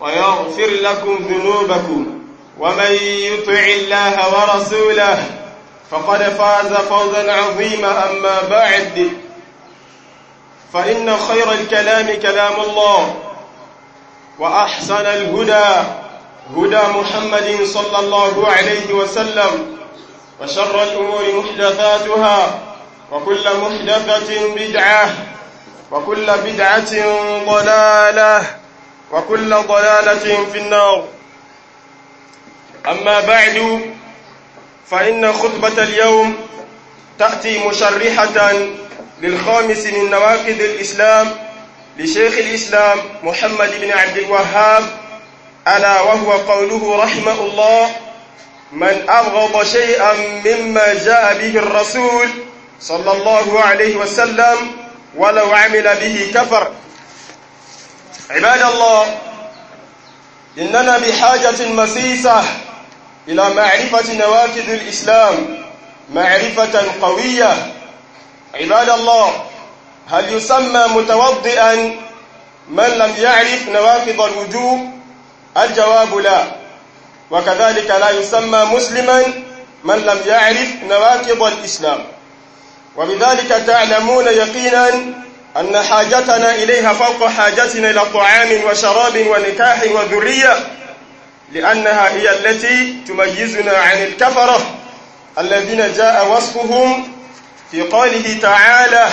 ويغفر لكم ذنوبكم ومن يطع الله ورسوله فقد فاز فوزا عظيما أما بعد فإن خير الكلام كلام الله وأحسن الهدى هدى محمد صلى الله عليه وسلم وشر الأمور محدثاتها وكل محدثة بدعة وكل بدعة ضلالة وكل ضلالة في النار أما بعد فإن خطبة اليوم تأتي مشرحة للخامس من نواقض الإسلام لشيخ الإسلام محمد بن عبد الوهاب ألا وهو قوله رحمه الله من أبغض شيئا مما جاء به الرسول صلى الله عليه وسلم ولو عمل به كفر عباد الله إننا بحاجة مسيسة إلى معرفة نوافذ الإسلام معرفة قوية عباد الله هل يسمى متوضئا من لم يعرف نوافذ الوجوب الجواب لا وكذلك لا يسمى مسلما من لم يعرف نواقض الإسلام وبذلك تعلمون يقينا أن حاجتنا إليها فوق حاجتنا إلى طعام وشراب ونكاح وذرية لأنها هي التي تميزنا عن الكفرة الذين جاء وصفهم في قوله تعالى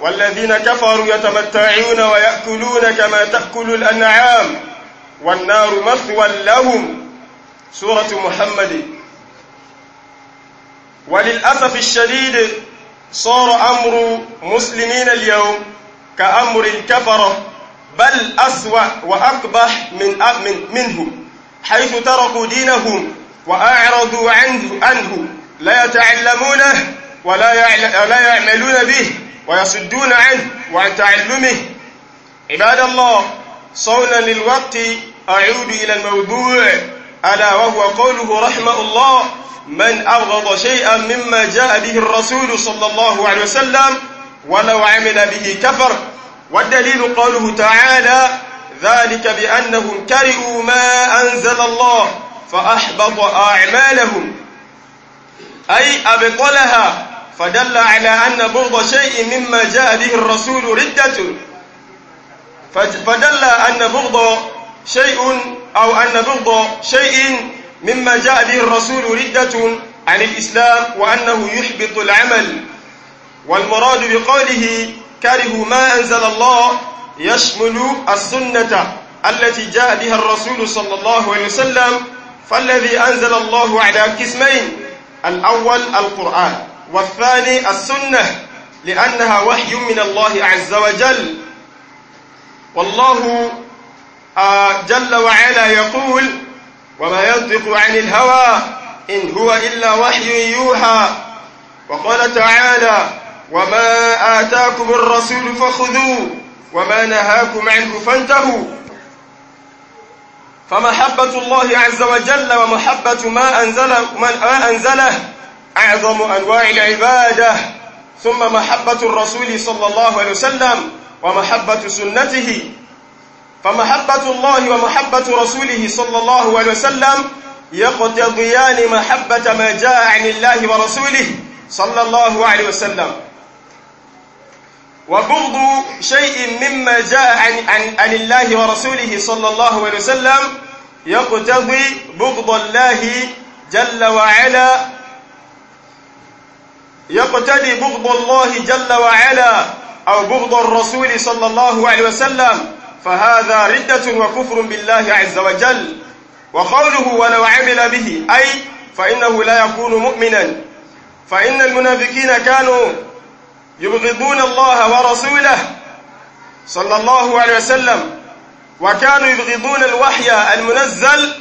والذين كفروا يتمتعون ويأكلون كما تأكل الأنعام والنار مثوى لهم سورة محمد وللأسف الشديد صار أمر مسلمين اليوم كأمر الكفرة بل أسوأ وأقبح من منهم حيث تركوا دينهم وأعرضوا عنه, عنه لا يتعلمونه ولا لا يعملون به ويصدون عنه وعن تعلمه عباد الله صونا للوقت أعود إلى الموضوع ألا وهو قوله رحمه الله من أبغض شيئا مما جاء به الرسول صلى الله عليه وسلم ولو عمل به كفر والدليل قوله تعالى ذلك بأنهم كرئوا ما أنزل الله فأحبط أعمالهم أي أبطلها فدل على أن بغض شيء مما جاء به الرسول ردة فدل أن بغض شيء أو أن ضد شيء مما جاء به الرسول ردة عن الإسلام وأنه يحبط العمل والمراد بقوله كره ما أنزل الله يشمل السنة التي جاء بها الرسول صلى الله عليه وسلم فالذي أنزل الله على قسمين الأول القرآن والثاني السنة لأنها وحي من الله عز وجل والله آه، جل وعلا يقول وما ينطق عن الهوى إن هو إلا وحي يوحى وقال تعالى وما آتاكم الرسول فخذوه وما نهاكم عنه فانتهوا فمحبة الله عز وجل ومحبة ما أنزله, ما أنزله أعظم أنواع العبادة ثم محبة الرسول صلى الله عليه وسلم ومحبة سنته فمحبة الله ومحبة رسوله صلى الله عليه وسلم يقتضيان محبة ما جاء عن الله ورسوله صلى الله عليه وسلم وبغض شيء مما جاء عن, عن, عن الله ورسوله صلى الله عليه وسلم يقتضي بغض الله جل وعلا يقتضي بغض الله جل وعلا أو بغض الرسول صلى الله عليه وسلم فهذا ردة وكفر بالله عز وجل وقوله ولو عمل به أي فإنه لا يكون مؤمنا فإن المنافقين كانوا يبغضون الله ورسوله صلى الله عليه وسلم وكانوا يبغضون الوحي المنزل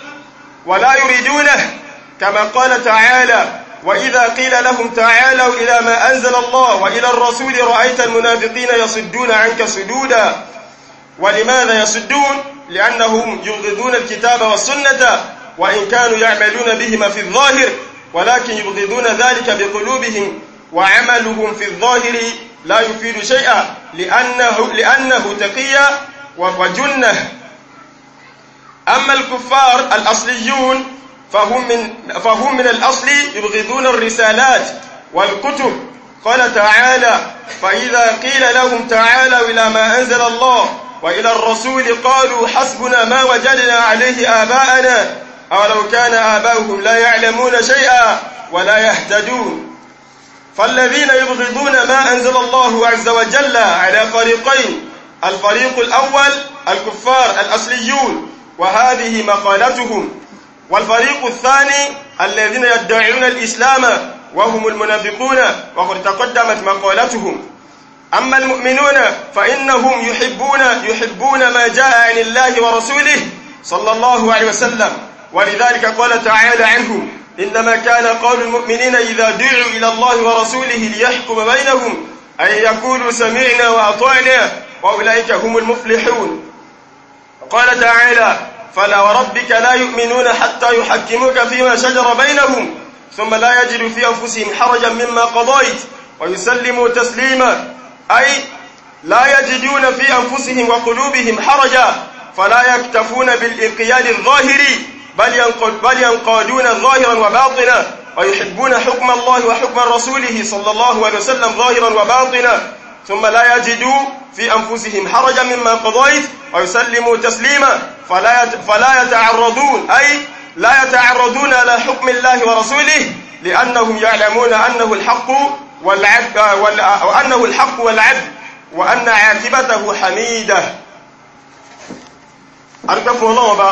ولا يريدونه كما قال تعالى وإذا قيل لهم تعالوا إلى ما أنزل الله وإلى الرسول رأيت المنافقين يصدون عنك صدودا ولماذا يصدون لأنهم يبغضون الكتاب والسنة وإن كانوا يعملون بهما في الظاهر ولكن يبغضون ذلك بقلوبهم وعملهم في الظاهر لا يفيد شيئا لأنه, لأنه تقيا وجنه أما الكفار الأصليون فهم من, فهم من الأصل يبغضون الرسالات والكتب قال تعالى فإذا قيل لهم تعالوا إلى ما أنزل الله وإلى الرسول قالوا حسبنا ما وجدنا عليه آباءنا أولو كان آباؤهم لا يعلمون شيئا ولا يهتدون فالذين يبغضون ما أنزل الله عز وجل على فريقين الفريق الأول الكفار الأصليون وهذه مقالتهم والفريق الثاني الذين يدعون الإسلام وهم المنافقون وقد تقدمت مقالتهم أما المؤمنون فإنهم يحبون يحبون ما جاء عن الله ورسوله صلى الله عليه وسلم ولذلك قال تعالى عنهم إنما كان قول المؤمنين إذا دعوا إلى الله ورسوله ليحكم بينهم أن يقولوا سمعنا وأطعنا وأولئك هم المفلحون قال تعالى فلا وربك لا يؤمنون حتى يحكموك فيما شجر بينهم ثم لا يجد في أنفسهم حرجا مما قضيت ويسلموا تسليما أي لا يجدون في أنفسهم وقلوبهم حرجا فلا يكتفون بالانقياد الظاهري بل بل ينقادون ظاهرا وباطنا ويحبون حكم الله وحكم رسوله صلى الله عليه وسلم ظاهرا وباطنا ثم لا يجدوا في أنفسهم حرجا مما قضيت ويسلموا تسليما فلا فلا يتعرضون أي لا يتعرضون على حكم الله ورسوله لأنهم يعلمون أنه الحق والعبد وأنه الحق والعبد وأن عاقبته حميدة àdúgbẹ́ fún ọlọ́wọ́ba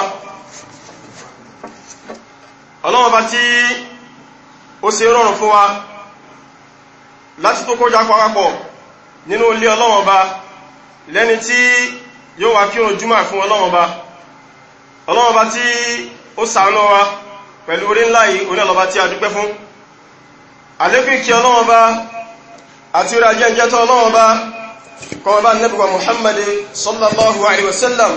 ọlọ́wọ́ba tí ó ṣe rọrùn fún wa láti tó kọjá pàápọ̀ nínú ilé ọlọ́wọ́ba lẹ́ni tí yóò wá kí ojúmà fún ọlọ́wọ́ba ọlọ́wọ́ba tí ó ṣàánú wa pẹ̀lú orí ńlá yìí onílọ́ba tí a dúpẹ́ fún àlékún kí ọlọ́wọ́n bá àti orí ajé ìjẹta ọlọ́wọ́n bá kọwọ́ bá nẹ́bí wa Muhammad sallallahu alaihi wasallam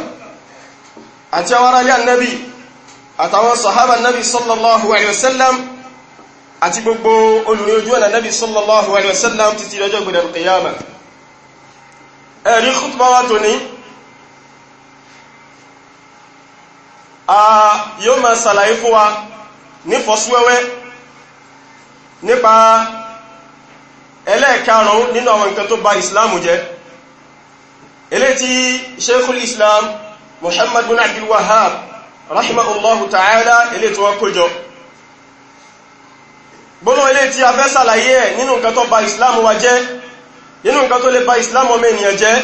àti àwọn aráyà nẹ́bí àtàwọn sahaba nẹ́bí sallallahu alaihi wasallam àti gbogbo olùrí ojú ọ̀nà nẹ́bí sallallahu alaihi wasallam títí lọ́jọ́ gbọdọ̀ nípa ẹlẹ́ẹ̀karùn-ún nínú àwọn nǹkan tó bà islam jẹ́ ilé tí sheikhul islam muhammad bin abdul wahab rahimahullahu ta'ala ilé tí wọ́n kójọ gbóná ilé tí a fẹ́ sàlàyé ẹ̀ nínú nǹkan tó bà islam wa jẹ́ nínú nǹkan tó lè bà islam ọmọ ènìyàn jẹ́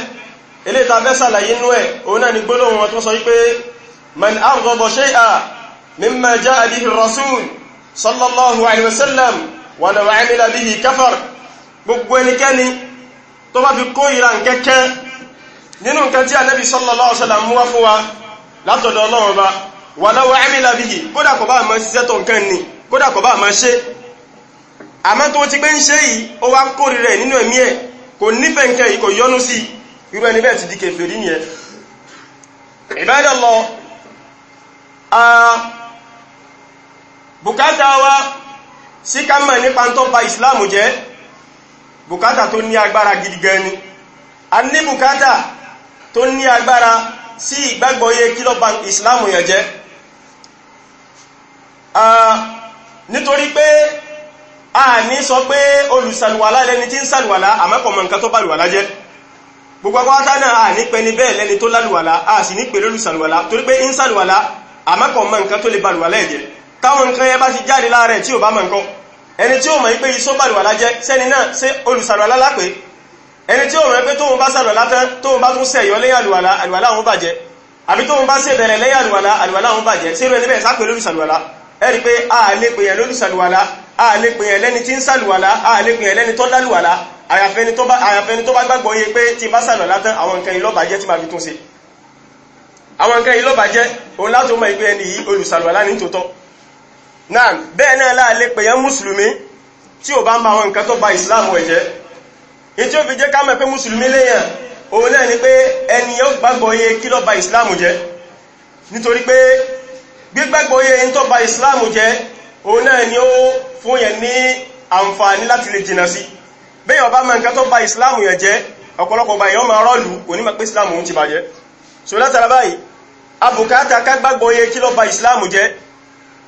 ilé tí a fẹ́ sàlàyé nú ẹ̀ òun náà ni gbóná wọn tó sọ wípé man argaba shay'a mimma ja'a bihi ar-rasul sallallahu alaihi wasallam walaw amila bihi kafar gbogbo ẹnikẹ́ni tó bá fi kórìíra nkẹ́kẹ́ nínú nǹkan tí Ànábì sallallahu alaihi wasallam mú wá fún wa látọ̀dọ̀ Ọlọ́run Ọba walaw amila bihi kódà kò bá máa wa sí ká mọ̀ nípa tó ba islam jẹ́ bùkátà tó ní agbára gidi gan ni a ní bùkátà tó ní agbára sí ìgbàgbọ́yé kí ló ba islam yẹn jẹ́ nítorí pé a ní sọ pé olùsàlùwàlá lẹni tí ń sàlùwàlá àmọ́kọ̀mọ̀ nǹkan tó bàlùwàlá jẹ́ gbogbo agbáta náà a ní pẹni bẹ́ẹ̀ lẹ́ni tó lálùwàlá a sì ní pẹ̀lú olùsàlùwàlá torí pé ń sàlùwàlá àmọ́kọ̀mọ̀ nǹkan tó lè bàlùwàlá ẹ̀jẹ̀ táwọn nǹkan yẹn bá ti jáde láàrẹ̀ tí ò bá mọ̀ nǹkan ẹni tí ó mọ̀ pé iṣó bàlùwàlá jẹ́ sẹ́ni náà ṣe olùsàlùwàlá lápé ẹni tí ó mọ̀ pé tóun bá sàlùwàlá tán tóun bá tún sẹ̀yọ lẹ́yìn àlùwàlá a lè pè a lè pè yẹn a lè pè yẹn lẹ́ni tó lálùwàlá àyàfẹ́ni tó bá gbàgbọ́ yẹ pé tí bá sàlùwàlá tán àwọn nǹkan ìlọ́ba jẹ́ tí máa fi tún ṣe àwọn nǹkan òun láti mọ̀ ìpé ẹni yìí olùsàlùwàlá ní tòótọ́ náà bẹ́ẹ̀ náà láàlé pèyàn mùsùlùmí tí ò bá ń bá àwọn nǹkan tó bà ìsìláàmù ẹ̀ tí ó fi jẹ́ ká mùsùlùmí léyàn náà ni pé ẹniyàn gbàgbọ́ kí ló bà ìsìláàmù jẹ́ nítorí pé gbígbàgbọ́ tó bà jẹ́ náà ni ó fún ní àǹfààní láti lè jìnà sí bẹ́ẹ̀ ọba mọ̀ nǹkan tó bá ìyọ́mọ̀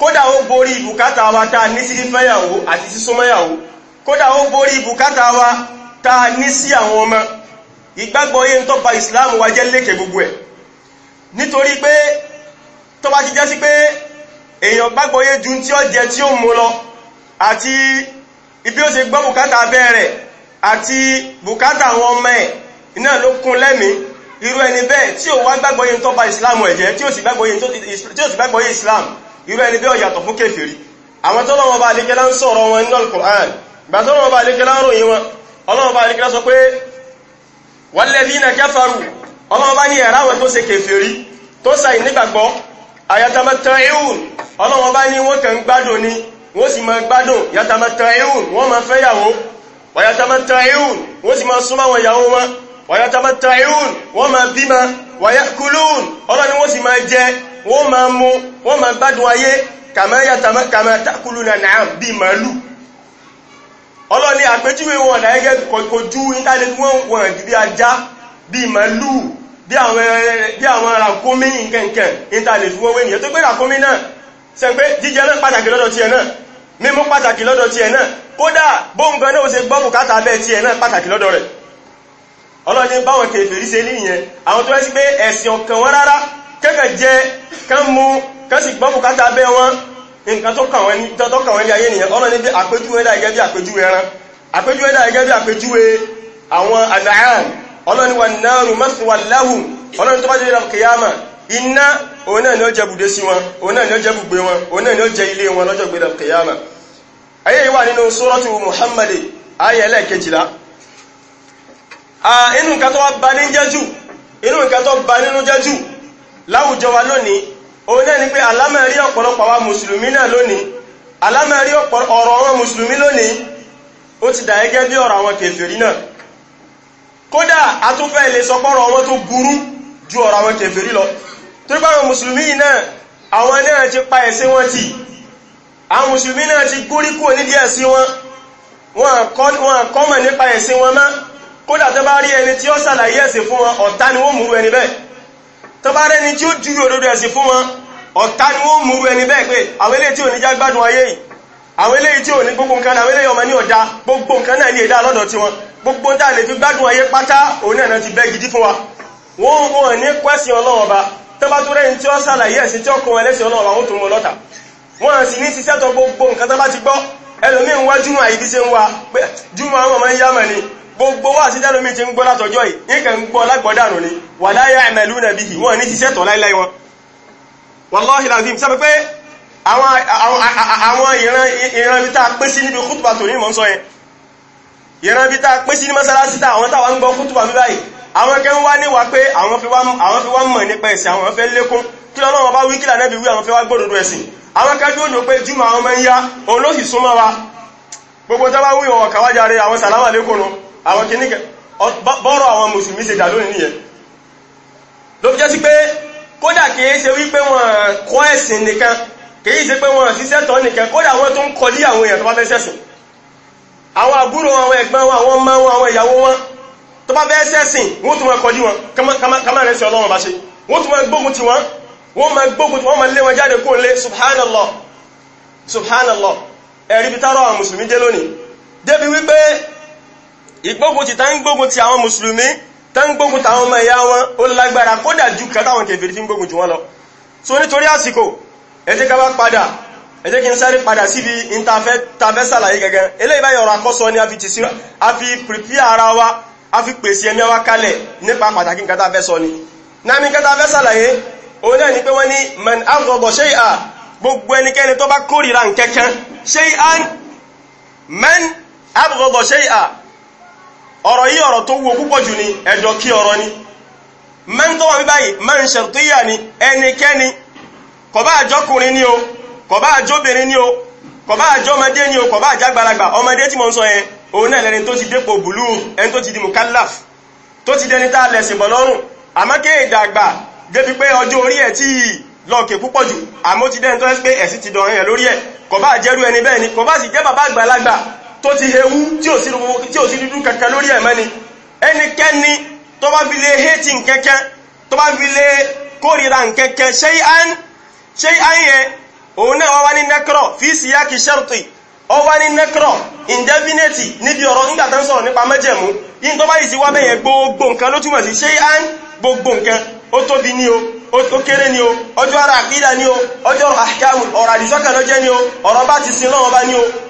kódà ó borí bùkátà wa tá ní sí fífẹ́yàwó àti sísúnmọ́yàwó kódà ó borí bùkátà wa tá ní sí àwọn ọmọ ìgbàgbọ́ yẹn tó ba Islam wa jẹ́ lékè gbogbo ẹ̀ nítorí pé tó bá ti jẹ́ sí pé èèyàn gbàgbọ́ yẹn ju tí ó jẹ tí ó mú lọ àti ibi ó ṣe gbọ́ bùkátà bẹ́ẹ̀rẹ̀ àti bùkátà àwọn ọmọ ẹ̀ iná ló kún lẹ́mìí irú ẹni bẹ́ẹ̀ tí ó wá gbàgbọ́ yẹn tó ba Islam ẹ̀ jẹ́ tí ó sì gbàgbọ́ yẹn ìsìláàmù irú ẹni bẹ́ẹ̀ yàtọ̀ fún kèfèrí àwọn tó lọ́wọ́ bá alékẹ́lá ń sọ̀rọ̀ wọn nínú al-Qur'an gbà tó lọ́wọ́ bá alékẹ́lá ń ròyìn wọn ọlọ́wọ́ bá alékẹ́lá sọ pé walladhina kafaru ọlọ́wọ́ bá ní ẹ̀rá àwọn tó ṣe kèfèrí tó sàì nígbàgbọ́ ayatamatta'un ọlọ́wọ́ bá ní wọ́n kàn gbádùn ni wọ́n sì máa gbádùn yatamatta'un wọ́n máa fẹ́ yàwó wayatamatta'un wọ́n sì máa súnmọ́ wọn yàwó wọn wọ́n máa mú wọ́n máa gbádùn ayé kàmá takulu na naam bí màálù ọlọ́ni àpéjúwe wọn ọ̀nà ẹgẹ́ kojú intanet wọ́n wọ̀n bí ajá bí màálù bí àwọn ràkómí nkẹ̀kẹ̀ intanet wọ́n wé nìyẹn tó gbé ràkómí náà ṣe pé jíjẹ náà pàtàkì lọ́dọ̀ tiẹ̀ náà mímú pàtàkì lọ́dọ̀ tiẹ̀ náà kódà bóǹgan náà ó ṣe gbọ́ bùkátà bẹ́ẹ̀ tiẹ̀ náà pàtàkì lọ́dọ̀ rẹ̀ ọlọ́ni báwọn kèfèrí ṣe níyẹn àwọn tó rẹ́ sí pé ẹ̀sìn ọ̀kan wọn rárá kẹ́kẹ̀ jẹ kán mú kán ka gbọ́mù kátà bẹ́ wọn nǹkan tó kàn wọ́n ní ayé nìyẹn ọ̀nà níbi àpéjúwé dà gẹ́gẹ́ bí àpéjúwé ẹran àpéjúwé dà bí àpéjúwé àwọn àdáhàn ọlọ́ni wà náàrù mọ́sùwà ni wọn wọn láwùjọ wa lónìí òun náà ni pé alámẹ́rí ọ̀pọ̀lọpọ̀ wa mùsùlùmí náà lónìí alámẹ́rí ọ̀rọ̀ àwọn mùsùlùmí lónìí ó ti dà gẹ́gẹ́ bí ọ̀rọ̀ àwọn kèfèrí náà kódà atúfẹ́ ilé sọpọ́rọ̀ wọn tó burú ju ọ̀rọ̀ àwọn kèfèrí lọ tó bá àwọn mùsùlùmí náà àwọn náà ti pa ẹ̀sìn wọn tì àwọn mùsùlùmí náà ti ni wọ́n tọba rẹni tí ó júwe òdodo ẹ̀sìn fún wọn ọ̀tá ni wọ́n mú ẹni bẹ́ẹ̀ pé àwọn eléyìí tí ò ní já gbádùn ayé yìí àwọn eléyìí tí ò ní gbogbo nǹkan àwọn eléyìí ọmọ ní ọ̀dá gbogbo nǹkan náà ní ẹ̀dá lọ́dọ̀ tí wọn gbogbo tá lè fi gbádùn ayé pátá òun náà ti bẹ́ gidi fún wa wọ́n wọ́n ní kwẹ́sìn ọlọ́wọ́ ba tọba tó rẹni tí ó sàlàyé ẹ̀sìn tí ó kún ẹlẹ́sìn ọlọ́wọ́ àwọn tó mú lọ́ta wọ́n sì ní ṣiṣẹ́ tó gbogbo nǹkan tó bá ti gbọ́ ẹlòmíín wá júmọ̀ àyíbí ṣe ń wa júmọ̀ àwọn ọmọ yá mọ̀ ni gbogbo wá sí tẹ́lómi ti ń gbọ́ látọjọ́ yìí nǹkan ń gbọ́ lágbọ́dànù ni wà láyé àmẹ́lú nàbí yìí wọ́n ní ti sẹ́tọ̀ láíláí wọn wallahi lazim sábẹ́ pé àwọn ìran bí tá a pé sí níbi kútùbà tòní mọ́ sọ yẹn ìran bí tá a pé sí ní mọ́sálásí tá àwọn táwọn ń gbọ́ kútùbà bí báyìí àwọn kẹ́ ń wá níwà pé àwọn fi wá mọ̀ nípa ẹ̀sìn àwọn fẹ́ lékún kí lọ́nà bá wí kílà nẹ́bí wí àwọn fẹ́ wá gbọ́dọ̀dọ̀ ẹ̀sìn àwọn kẹ́ tó lò pé jùmọ̀ àwọn mẹ́ ń yá òun ló sì súnmọ́ wa gbogbo tábá wí ọ̀wọ̀ kàwájáre àwọn sàlámà lékún àwọn kìíní bọ́rọ̀ àwọn mùsùlùmí ṣe dà lónìí nìyẹn ló fi jẹ́ sí pé kódà kìí ṣe wípé wọ́n kọ́ ẹ̀sìn nìkan kìí ṣe pé wọ́n ṣiṣẹ́ tọ́ nìkan kódà wọ́n tó ń kọ lé àwọn èèyàn tó bá fẹ́ ṣẹ̀sìn àwọn àbúrò àwọn ẹ̀gbọ́n wọn àwọn kama rẹ̀ sí ọlọ́run bá ṣe wọ́n tún máa gbógun ti wọn wọ́n máa subhanallah subhanallah ẹ̀rí bi tárọ̀ àwọn mùsùlùmí dé lónìí débi wípé ìgbógun ti tán gbógun ti àwọn mùsùlùmí tán gbógun tàwọn ọmọ ìyá wọn ó lágbára kódà ju kẹtàwọn kèfèrí tí ń gbógun jù wọn lọ so nítorí àsìkò ẹ jẹ́ ká bá padà ẹ jẹ́ kí n sáré padà síbi ìntafẹ́ sàlàyé gẹ́gẹ́ eléyìí báyìí ọ̀rọ̀ àkọ́sọ ni a fi ti sí a fi pìrìpì ara wa a fi pèsè ẹ̀mí wa kalẹ̀ nípa pàtàkì nǹkan tá a bá kórìíra ọ̀rọ̀ yí ọ̀rọ̀ tó wúwo púpọ̀ jù ní ẹjọ́ kí ọ̀rọ̀ ni mẹ́rin tó wà bí báyìí mẹ́rin ṣẹ̀tìyà ni ẹnikẹ́ni kò àjọkùnrin ni o kò bá àjọbìnrin ni o kò bá àjọmọdé ni o kò bá àjàgbàlagbà ọmọdé tí mo ń sọ yẹn òun náà lẹ́ni tó ti dépò bùlú ẹni tó ti di mukallaf tó ti dẹni tá a lẹ̀sìn bọ̀ lọ́rùn àmọ́ kéèdè àgbà débi pé ọjọ́ orí ẹ̀ tí lọ́ọ̀kẹ́ púpọ̀ jù àmọ́ ti dẹni tó ẹ́ pé ẹ̀sìn ti dọ̀rin ẹ̀ lórí ẹ̀ kò àjẹrú ẹni bẹ́ẹ̀ ni kò bá sì jẹ́ bàbá àgbàlagbà tó ti hewu tí ò sí dúdú kankan lórí ẹ̀mọ́ ni ẹnikẹ́ni tó bá fi lè hétí nkẹ́kẹ́ tó bá fi lè kórìíra nkẹ́kẹ́ ṣe ayẹ òun náà wá ní nẹ́kọ́rọ̀ fi síyáki ṣẹ́rùtì ó wá ní nẹ́kọ́rọ̀ indefinite níbi ọ̀rọ̀ nígbàtà ń sọ̀rọ̀ nípa mẹ́jẹ̀mú yìí tó bá yìí sí wá bẹ́yẹn gbogbo nǹkan ló túmọ̀ sí ṣe án gbogbo nǹkan ó tóbi ní o ó kéré ní o ọjọ́ ara àkídà ní o ọjọ́ àkíkà ọ̀rọ̀ àdìsọ́kàn ló jẹ́ ní o ọ̀rọ̀ bá ti sin lọ́wọ́ bá ní o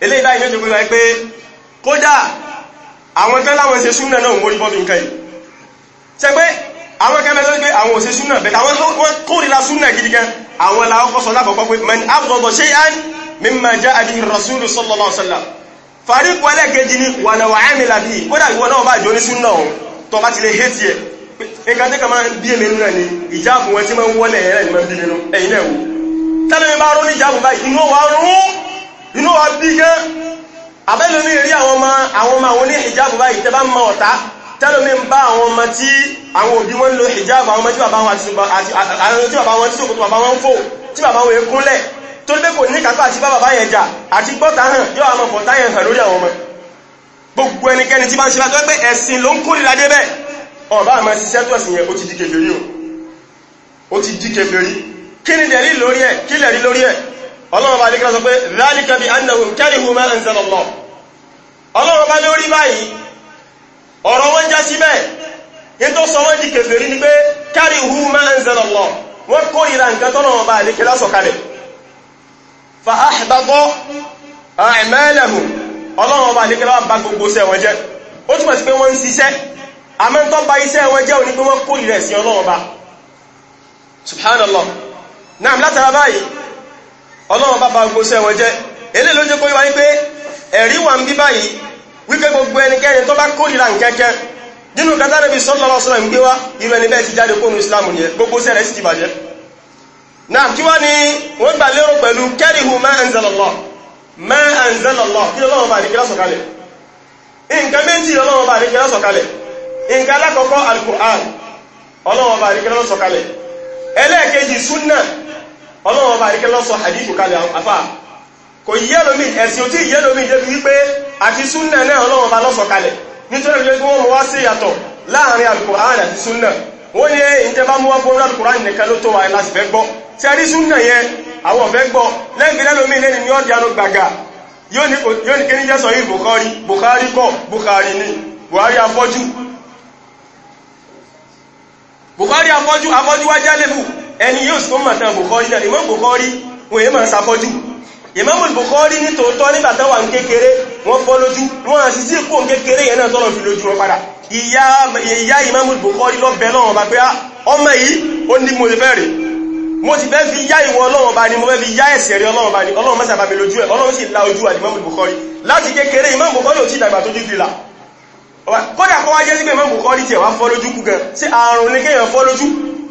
eléyìí báyìí lójú pínlẹ̀ pé kódà àwọn kan láwọn ṣe súnà náà mórí bọ́bí nǹkan yìí ṣe pé àwọn kan mẹ́sọ́ pé àwọn ò ṣe súnà bẹ̀tà àwọn kórìíra súnà gidi gan àwọn làwọn sọ lákọ̀ọ́kọ́ pé sallallahu alaihi wasallam fàríkù ẹlẹ́gẹ̀ẹ́jì ni wà náà wà ẹ́mìlà bí i kódà ìwọ náà bá jọ ní súnà ọ̀hún tó bá ti lè hétí ẹ̀ nǹkan tí kàmá bí èmì inú wa bí gẹ́ abẹ́lẹ̀ ní rí àwọn ọmọ àwọn ọmọ àwọn ní hijab báyìí tẹ́ bá mọ ọ̀tá tẹ́lómi ń bá àwọn ọmọ tí àwọn òbí wọn lo hijab àwọn ọmọ tí bàbá wọn tí bàbá wọn tí sòkòtò bàbá wọn fò tí bàbá wọn kúnlẹ̀ tó lé kò ní kápá àti bá bàbá yẹn jà àti gbọ́ta hàn yóò àwọn ọmọkọ̀tá yẹn hàn lórí àwọn ọmọ gbogbo ẹnikẹ́ni tí bá ń ṣe bá tó pé ẹ̀sìn ló ń kórìíra débẹ̀ ọ̀bá àmọ́ ṣiṣẹ́ tó ẹ̀sìn yẹn ó ti di kèfèrí o ó ti di kèfèrí kí ni dẹ̀rí lórí ẹ̀ kí lẹ̀rí lórí ẹ̀ ọlọ́run bá dékẹ́ sọ pé dhalika bi annahum karihu ma anzala Allah ọlọ́run bá lórí báyìí ọ̀rọ̀ wọn já sí bẹ́ẹ̀ yẹn tó sọ wọ́n di kèfèrí ni pé karihu ma anzala Allah wọ́n kó ìra nǹkan tọ́lọ́run bá dékẹ́ lásọ̀kalẹ̀ fa ahbata a'malahum ọlọ́run bá dékẹ́ lọ́wọ́ bá gbogbo iṣẹ́ wọn jẹ́ ó túnmọ̀ sí pé wọ́n náà látara báyìí ọlọ́run bá bá gbogbo sẹ́wọ̀n jẹ́ elé ló jẹ́ kó wáyé pé ẹ̀rí wà ń bí báyìí wípé gbogbo ẹnikẹ́ni tó bá kórìíra nkẹ́kẹ́ nínú kátàrí bí sallallahu alaihi wasallam ni gbogbo sẹ́rẹ̀ sì ti bàjẹ́ náà kí wá ní wọ́n gbà lérò pẹ̀lú karihu ma anzalallah ma anzalallah kí lọ́wọ́ bá àríkẹ́lá sọ̀kalẹ̀ nǹkan méjì lọ́wọ́ bá àríkẹ́lá ọlọ́run ọba àríkẹ́ lọ́sọ hadithu kalẹ̀ afá kò yẹ́lómi ẹ̀sìn òtí yẹ́lómi débi wípé àti súnnà náà ọlọ́run ọba lọ́sọ kalẹ̀ nítorí pé wọ́n mọ́ wá sí ìyàtọ̀ láàrin alukur'an àti súnnà wọ́n ní ìjẹba mú wá fún alukur'an nìkan ló tó wà láti fẹ́ gbọ́ tí a rí súnnà yẹn àwọn ọ̀fẹ́ gbọ́ lẹ́yìn lẹ́lómi lẹ́ni ní ọ̀dí anú gbàgà yóò ní kí ní jẹ́ sọ yìí Bukhari Bukhari kọ́ Bukhari ni Buhari afọ́jú Bukhari afọ́jú afọ́jú wájá lébù ẹni yóò tó mọ̀ tán Bukhari náà Imam Bukhari wọ́n yẹ́ ma sàfọ́jú Imam Bukhari ní tòótọ́ nígbà tán wà ń kékeré wọ́n fọ́ lójú wọ́n àti sí ìpò kékeré yẹn náà tọ́lọ̀ fi lójú wọn padà ìyá Imam Bukhari lọ́bẹ̀ lọ́wọ́n bá pé ah, ọmọ yìí ó ní mo fẹ́ rè mo ti fẹ́ fi yá ìwọ Ọlọ́run bá ní mo fẹ́ fi yá ẹ̀sẹ̀ rí Ọlọ́run bá ní Ọlọ́run mẹ́sà bá mi lójú ẹ̀ Ọlọ́run sì la ojú Imam Bukhari láti kékeré Imam Bukhari ò tí ìdàgbà tójú fi là kódà kọ́wá jẹ́ sí pé Imam Bukhari tiẹ̀ wá fọ́ lójú kú gan sí àrùn ní kéèyàn fọ́ lójú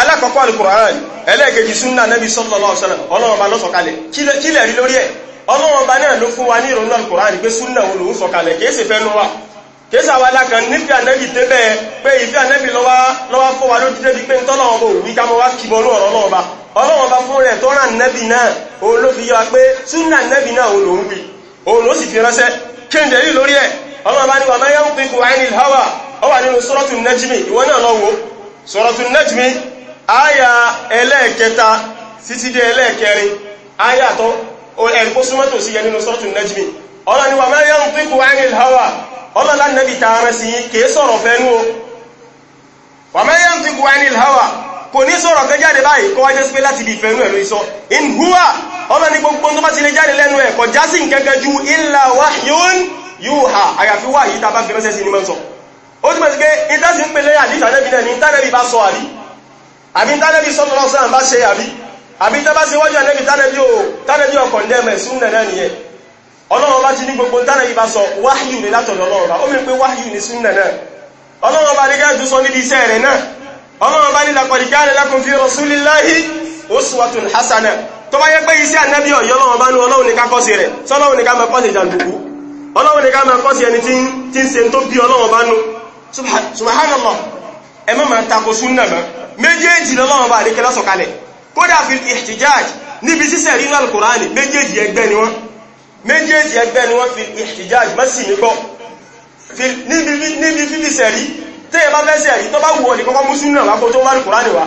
alákọ̀ọ́kọ́ alukur'an ẹlẹ́ẹ̀kejì súnà nẹ́bí sallallahu alaihi wasallam ọlọ́run ọba ló sọ̀kalẹ̀ kí lẹ̀ rí lórí ẹ̀ ọlọ́run ọba náà ló fún wa ní ìrònú alukur'an pé súnà wo lòun sọ̀kalẹ̀ kéèsì fẹ́ nu wa kéèsì àwa àyà ẹlẹ́ẹ̀kẹta títí dé ẹlẹ́ẹ̀kẹrin àyà tó ẹ̀kọ́ súnmọ́tò sí yẹn nínú sọ́tù nẹ́jìmì ọlọ́ ni wà mẹ́rin tí kò wáyé ìlhàwà ọlọ́ lánàbì tààrẹ sí kìí sọ̀rọ̀ fẹ́nú o wà mẹ́rin tí kò wáyé ìlhàwà kò ní sọ̀rọ̀ kẹ jáde báyìí kọ́ wájẹ́ sí pé láti ni gbogbo tó bá ti lè jáde lẹ́nu illa wahyun yuha àyàfi wáyìí tàbá fi rẹ́sẹ̀ sí ní mọ́ sọ ó ti mọ̀ sí pé àbí tánẹ́bí sọ́tọ̀lọ́ sáà bá ṣe àbí àbí tánẹ́bá ṣe wọ́jú ànẹ́bí tánẹ́bí ọkọ̀ ndẹ́mẹ̀ súnnà náà nìyẹn ọlọ́run bá ti ní gbogbo tánẹ́bí bá sọ wáhíù ní látọ̀dọ̀ ọlọ́run bá ó mi pé wáhíù ní súnnà náà ọlọ́run bá ní gáàjú sọ níbi iṣẹ́ rẹ̀ náà ọlọ́run bá ní rasulillahi uswatun hasana tó bá yẹ pé iṣẹ́ ànẹ́bí ọ̀yọ́ ọlọ́run bá ní ọlọ́run ní kákọ́sí rẹ̀ sọ́lọ́run ní ká mẹ́kọ́ sí jàǹdùkú ọlọ́run ní ká mẹ́kọ́ sí ẹni tí ń ṣe tó bí ọlọ́run bá nú subhanallah ẹ má máa tako súnnà náà méjèèjì lọ́lọ́wọ́n bá àdékẹ́lá sọ̀kalẹ̀ kódà fi ihtijaj níbi sísẹ̀ rí náà kùránì méjèèjì ẹgbẹ́ ni wọ́n méjèèjì ẹgbẹ́ ni wọ́n fi ihtijaj mẹ́sì mi gbọ́ níbi fífi sẹ̀rí tẹ́ ẹ bá fẹ́ sẹ̀rí tó bá wù ọ́ ní kọ́kọ́ mú súnà wá kó tó wá ní kùránì wá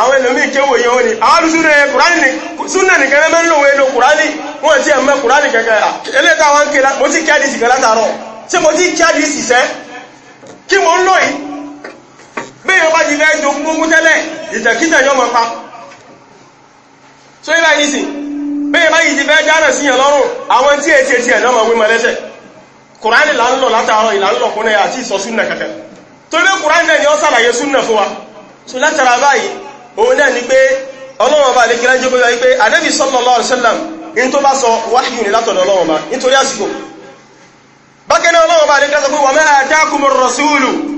àwọn ẹlòmí kéwò yẹn wọ́n ni àwọn súnà yẹn kùránì ni súnà nìkan ẹgbẹ́ ló wọ́n èlò kùránì wọ́n ah, ti kí mo ń lò yìí bẹ́yàn bá ti fẹ́ jogún ogún tẹ́lẹ̀ ìtẹ̀kítẹ̀ yọ́ mọ̀ pa so ibà yìí sì bẹ́yàn bá yìí ti fẹ́ dára síyàn lọ́rùn àwọn tí èsì èsì ẹ̀nà mọ̀ wímọ̀ lẹ́sẹ̀ kùránì là ń lọ látàárọ̀ ìlà ń lọ kúnlẹ̀ àti ìsọ súnà kẹ̀kẹ́ tó ilé kùránì náà ni ó sàlàyé súnà fún wa so látara báyìí òun náà ni pé ọlọ́wọ́n bá lè kí lẹ́jọ́ pé wípé ànábì sallallahu alaihi wasallam in tó bá sọ wáhíù ni látọ̀dọ̀ ọlọ́wọ́n bá nítorí àsìkò bákan náà ọlọ́wọ́n bá lè kí lẹ́jọ́ pé wa ma atakumur rasulu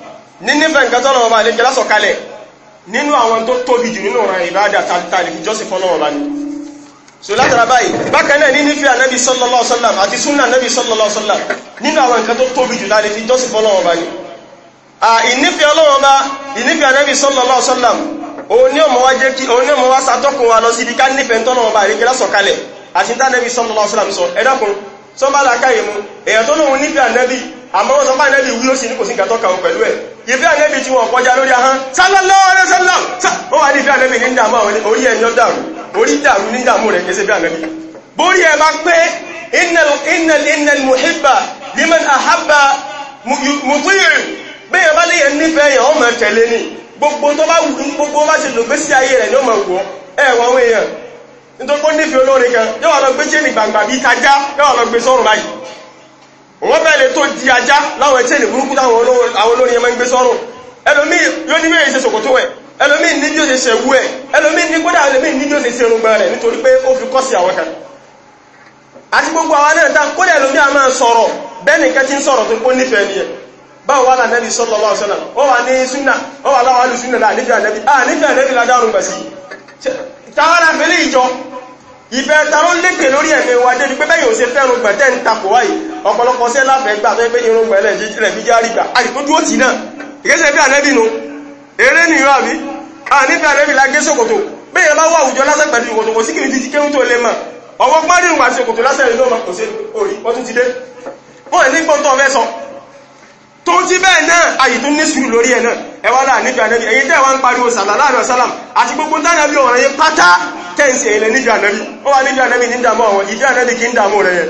nínífẹ̀ nǹkan tọ́nà ọba àlékẹ́ lásọ̀kalẹ̀ nínú àwọn tó tóbi jù nínú ọ̀ràn ìbáadà tàbí jọ́sìn fọ́nà ọba ni so látara báyìí bákan náà nínífẹ̀ ànábì sallallahu alaihi wasallam àti súnà ànábì sallallahu alaihi wasallam nínú àwọn nǹkan tó tóbi jù láti fi jọ́sìn fọ́nà ọba ni ìnífẹ̀ ọlọ́wọ́ bá ìnífẹ̀ ànábì sallallahu alaihi wasallam òun ni ọmọ wa jẹ́ kí òun ni ọmọ wa sàtọ́kùn wa lọ sí ibi ká nífẹ̀ẹ́ tọ́nà ọba àlékẹ́ lásọ̀kalẹ̀ àti tánẹ́bì sallallahu alaihi wasallam sọ ẹ̀dọ́kùn sọ́mbàlá káyè mu èèyàn tó lóun àmọ́ wọ́n sọ bá nẹ́bí wí ó sì ní kò sí nǹkan tọ́ka pẹ̀lú ẹ̀ ìfẹ́ ànẹ́bí tí wọ́n kọjá lórí ahán sallallahu alaihi wasallam ó wà ní ìfẹ́ ànẹ́bí ní dààmú àwọn orí ẹ̀ ní ó dàrú orí dàrú ní dààmú rẹ̀ kẹsẹ̀ bí ànẹ́bí bórí ẹ̀ máa pé innal muhibba liman ahabba muti'u bẹ́ẹ̀ bá léyẹ̀ nífẹ̀ẹ́ yẹn ọmọ tẹ̀lé ni gbogbo wọ́n bẹ̀rẹ̀ tó di ajá láwọn ẹ̀tẹ́ ìlúkú táwọn olórin ẹmọ ń gbé ẹlòmí yóò ní mẹ́rin ṣe ṣòkòtò ẹ̀ ẹlòmí ní bí ó ṣe ṣẹ̀wú ẹ̀ ẹlòmí ní kódà ẹlòmí ní bí ó ṣe ṣe nítorí pé ó fi àwọn kan àti náà kódà ẹlòmí a máa sọ̀rọ̀ ti ń sọ̀rọ̀ tó kó nífẹ̀ẹ́ ni báwo wà ó wà ní súnà ó wà láwọn nífẹ̀ẹ́ à nífẹ̀ẹ́ la dárùn afẹ́lẹ́ ta lékè lórí wa débi pé ọ̀pọ̀lọpọ̀ sí ẹláfẹ́ gbà tó pé irun pẹ̀lẹ̀ rẹ̀ fi járí gbà àìkú dúó tì náà ìgbésẹ̀ bí ànẹ́bì nu eré nìyọ àbí a nífẹ́ ànẹ́bì la gé ṣòkòtò bẹ́ẹ̀ bá wà àwùjọ lásán pẹ̀lú ìwòtò kò sí kìrì títí kéhùn tó lè mọ̀ ọwọ́ párìrùn àti ṣòkòtò lásán ìlú ọmọ kò sí orí wọ́n tún ti dé wọ́n ní gbọ́n tó ọfẹ́ sọ tó ti bẹ́ẹ̀ náà àyè tó ní sùúrù lórí ẹ̀ náà ẹwà láà nífẹ́ ànẹ́bì ẹ̀yìn tẹ́ wà ń pariwo sàlálà àrùn sálàm àti gbogbo dánàbí ọ̀rọ̀ yẹn pátá tẹ́ǹsì ẹ̀lẹ̀ nífẹ́ ànẹ́bì ó wà nífẹ́ ànẹ́bì ní dààmú àwọn ìdí ànẹ́bì kì í dààmú rẹ̀ yẹn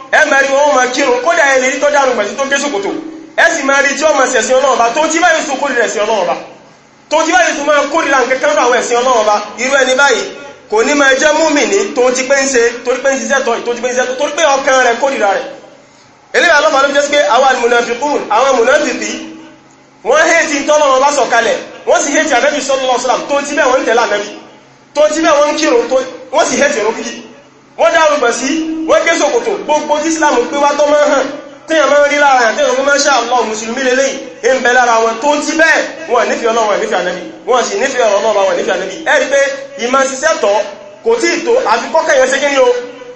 ẹ máa rí wọn máa kírun kódà ẹ lè rí tó dárun pẹ̀lú tó gbé ṣòkòtò ẹ sì máa rí tí ọmọ ṣẹ̀sìn Ọlọ́run bá tó tí báyìí sùn kórìíra ẹ̀sìn Ọlọ́run bá tó tí báyìí sùn máa kórìíra nǹkan kan bá àwọn ẹ̀sìn Ọlọ́run bá irú ẹni báyìí kò ní máa jẹ́ múmìnì tó ti pé ń ṣe torí pé ń ṣiṣẹ́ tọ́ ìtó ti pé ń ṣiṣẹ́ tó torí pé ọkàn rẹ̀ kórìíra rẹ̀ eléyà lọ́fà ló jẹ́ sí pé àwọn alìmùnàfikún àwọn alìmùnàfikì wọ́n hẹ́ẹ̀tì tọ́lọ́run bá sọ̀kalẹ̀ wọ́n sì hẹ́ẹ̀tì ànábì sallallahu alaihi wasallam tó ti bẹ́ẹ̀ wọ́n ń tẹ̀lé ànábì tó ti bẹ́ẹ̀ wọ́n ń kírun wọ́n sì hẹ́ẹ̀tì ìrun kíkí wọ́n dárùn bẹ̀ sí wọ́n ké sòkòtò gbogbo islam pé wá tọ́ máa hàn tí a máa rí lára àti ìrọ̀gbọ́n máa ṣáà lọ mùsùlùmí lélẹ̀ yìí ń bẹ lára wọn tó ti bẹ́ẹ̀ wọn nífẹ̀ẹ́ ọlọ́wọ̀n nífẹ̀ẹ́ ànẹ́bí wọn sì nífẹ̀ẹ́ ọlọ́wọ̀n wọn nífẹ̀ẹ́ ànẹ́bí ẹ̀rí pé ìmọ̀ ṣiṣẹ́ tọ́ kò tí ì tó àfi kọ́kẹ́yẹ ṣe kí ni o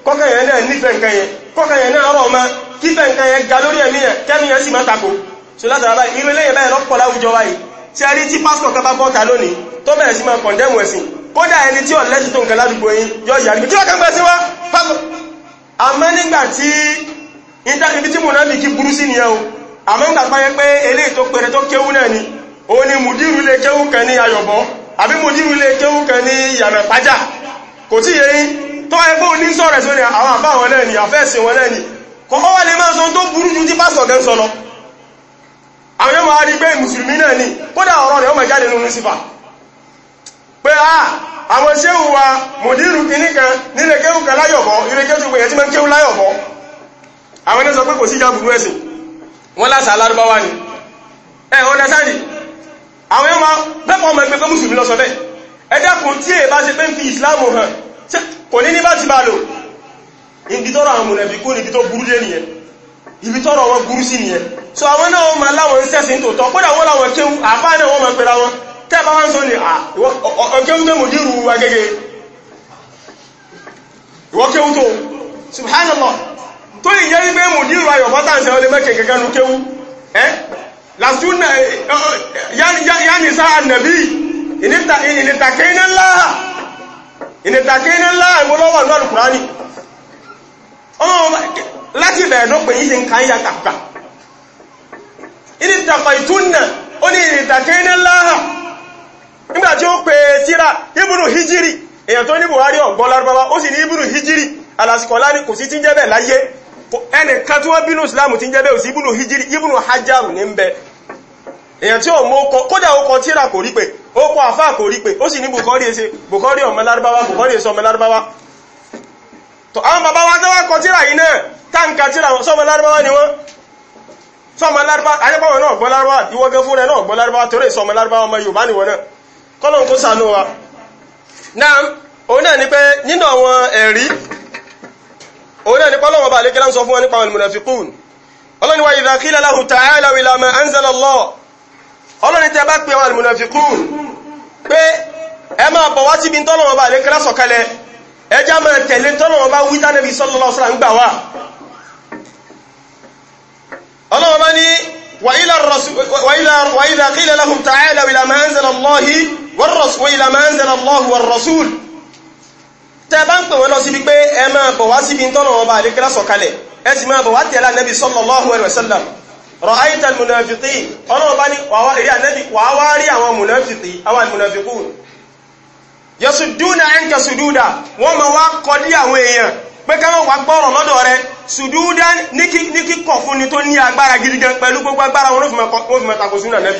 kọ́kẹ́yẹ náà nífẹ̀ẹ́ nǹkan yẹn kọ́kẹ́yẹ náà rọ̀ ọmọ kífẹ̀ nǹkan yẹn ga lórí ẹ̀mí yẹn kẹ́mi yẹn sì máa tako so látara báyìí irú eléyìí báyìí lọ́pọ̀ láwùjọ báyìí ṣe rí tí pásítọ̀ kan bá bọ́ta lónìí tó bẹ̀rẹ̀ sí máa kọ̀ndẹ́mù ẹ̀sìn kódà ẹni tí ọ̀lẹ́sì tó nǹkan ládùúgbò yín yọ ìyàrí bí kí wọ́n kàn gbẹ́ sí wá pásọ̀ àmọ́ nígbà tí ibi tí mùnábì kí burú sí nìyẹn o àmọ́ nígbà pàyẹ pé eléyìí tó pẹ̀rẹ̀ tó kéwú náà ni o ni mùdírù lè kéwú kan ní ayọ̀bọ́ àbí mùdírù lè kéwú kan ní ìyànà pàjá kò tí yẹ yín tó wáyé pé o ní sọ̀rẹ̀ sórí àwọn ni àfẹ́sìn wọn náà ni kọ́kọ́ wà lè máa sọ tó burú ju tí pásọ̀ gẹ́ sọ lọ àwọn yóò máa rí pé mùsùlùmí pé à ah, àwọn ṣéhù wa mùdírù kìíní kan nílé kéhù kan láyọ̀bọ̀ ilé kéhù tó gbẹ̀yẹ̀ tí máa ń kéhù láyọ̀bọ̀ àwọn ẹni sọ pé kò sí ìjà bùrú ẹ̀sìn wọ́n láṣà alárúbáwá ni ẹ̀ ọ́n lẹ́sàdì àwọn ẹmọ pẹ́pọ̀ ọmọ ẹgbẹ́ mùsùlùmí lọ́sọ bẹ́ẹ̀ ẹjẹ́kùn tí è bá ṣe pé ń fi ìsìláàmù hàn kò ní ní bá ti bá lò tẹ́ẹ̀bá wọ́n sọ ní ah, ọkẹ́wútó mùdírù agẹ́gẹ́ ìwọ́kẹ́wútó subhanallah tó ìyẹ́ wípé mùdírù ayọ̀bọ́tàǹsẹ̀ ọlẹ́ mẹ́kẹ̀ kẹkẹnu kéwú ẹ́ lásúnà yánìsá annabi ìnìtàkẹ́ínà láà ìwọ́lọ́wọ́ lọ́rùn kùránì láti bẹ̀rẹ̀ lọ́pẹ̀ yìí ti ń ká yàtàkà ìnìtàkọ̀ ìtúnnà ó ní ìnìtàkẹ́ínà láà nígbà tí ó pè tíra ibùnù hijiri èyàn tó ní buhari ọ̀gbọ́n lárúbáwá ó sì ní ibùnù hijiri alasikọ̀lá ni kò sí tí ń jẹ́bẹ̀ láyé ẹnìkan tí wọ́n bínú islamu tí ń jẹ́bẹ̀ ò sí ibùnù hijiri ibùnù hajjaru ní ń bẹ èyàn tí ó mọ́ ọkọ̀ kódà ó kọ tíra kò rí pé ó kọ àfá kò rí pé ó sì ní bukhari èsè bukhari ọmọ lárúbáwá bukhari èsè ọmọ lárúbáwá tó àwọn bàbá wa kọ́lọ̀n kó sànú wa náà òun náà ni pé nínú àwọn ẹ̀rí òun náà ni pọ́lọ̀wọ̀ bá lékẹ́lá ń sọ fún wọn nípa al-munafiqun ọlọ́ni wa idha qila lahu ta'alaw ila ma anzala Allah ọlọ́ni tẹ bá pè wọn al-munafiqun pé ẹ máa bọ̀ wá síbi tọ́lọ̀wọ̀ bá lékẹ́lá sọ̀kalẹ̀ ẹjá máa tẹ̀lé وإلى ما أنزل الله والرسول tẹ́ bá ń pè wọ́n lọ síbi pé ẹ máa bọ̀ wá síbi tọ́nà wọn bá àríkẹ́lá sọ̀kalẹ̀ ẹ sì máa bọ̀ wá tẹ̀lá nẹ́bí sallallahu alaihi wasallam ra'ayta al-munafiqin ọlọ́run bá ní rí ànẹ́bí wà wá rí àwọn mùnàfìtì àwọn al-munafiqun yasudduna anka sududa wọ́n máa wá gbọ́rọ̀ lọ́dọ̀ rẹ sududa ní kíkọ̀ fún ni tó ní agbára gidi pẹ̀lú gbogbo agbára wọn ló fi mọ̀ takò sún ànẹ́bí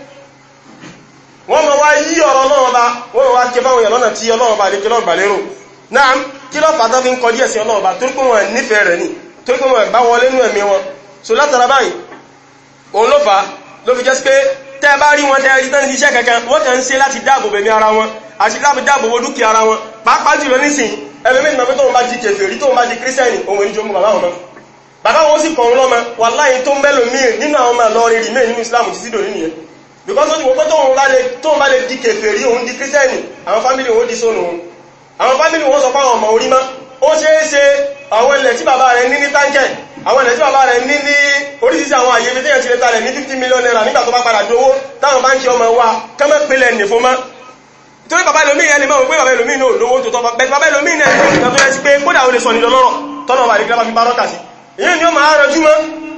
wọ́n ma wá yí ọ̀rọ̀ Ọlọ́run bá wọ́n ma wá ké báwọn èèyàn lọ́nà tí Ọlọ́run bá lè ké lọ́gbà lérò náà kí lọ́ fàtà fi ń kọjú ẹ̀sìn Ọlọ́run bá torí pé nífẹ̀ẹ́ rẹ̀ ni torí pé wọ́n bá wọlé nú ẹ̀mí wọn so látara báyìí òun ló fà ló fi jẹ́ sí pé tẹ́ bá rí wọn tẹ́ rí tán iṣẹ́ kankan wọ́n tẹ́ ń ṣe láti dáàbò bẹ̀mí ara wọn àti láti dáàbò bo dúkìá ara wọn pàápàá jùlọ because wọ́n ti wọ́n pé tóun bá lè tóun bá lè di kèfèrí òun di kírísítẹ́nì àwọn fámìlì òun di sónù òun àwọn fámìlì òun sọ pé àwọn ọmọ orí mọ́ ó ṣeé ṣe àwọn ilẹ̀ tí bàbá rẹ̀ ní ní táǹkẹ̀ àwọn ilẹ̀ tí bàbá rẹ̀ ní ní oríṣiríṣi àwọn àyè ibi téèyàn ti lè ta rẹ̀ ní fifty million naira nígbà tó bá padà dówó táwọn báńkì ọmọ wa kẹ́mọ́ pélé nì fún mọ́ torí bàbá ẹlòmíì yẹn lè mọ̀ pé bàbá ẹlòmíì náà lówó tó tọ́ bẹ́ẹ̀ bàbá ẹlòmíì náà lè sọ pé kódà ó lè sọ nílọ lọ́rọ̀ tọ́nà bàbá ìgbà bá fi bá rọ́kà sí ìyẹn ni ó máa rọjú mọ́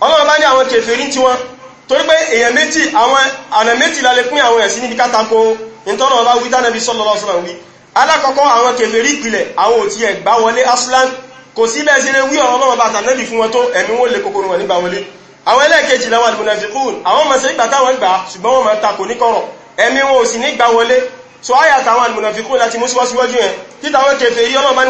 ọlọ́run bá ní àwọn kèfèrí tí wọ́n torí pé èèyàn méjì àwọn ànà méjì la lè pín àwọn ẹ̀sìn níbi kátàkó ìtọ́nà ọba wí tánàbí sallallahu alaihi wasallam wí alákọ̀ọ́kọ́ àwọn kèfèrí ìpìlẹ̀ àwọn òtí ẹ̀ gbá wọlé aslan kò sí bẹ́ẹ̀ sí lè wí ọ̀rọ̀ ọlọ́run bá tànàbí fún wọn tó ẹ̀mí wọn lè kòkòrò wọn nígbà wọlé àwọn ẹlẹ́ẹ̀kejì làwọn almunafiqun àwọn ọmọ sí ìgbà táwọn gbà ṣùgbọ́n wọn máa takò níkọ̀rọ̀ ẹ̀mí wọn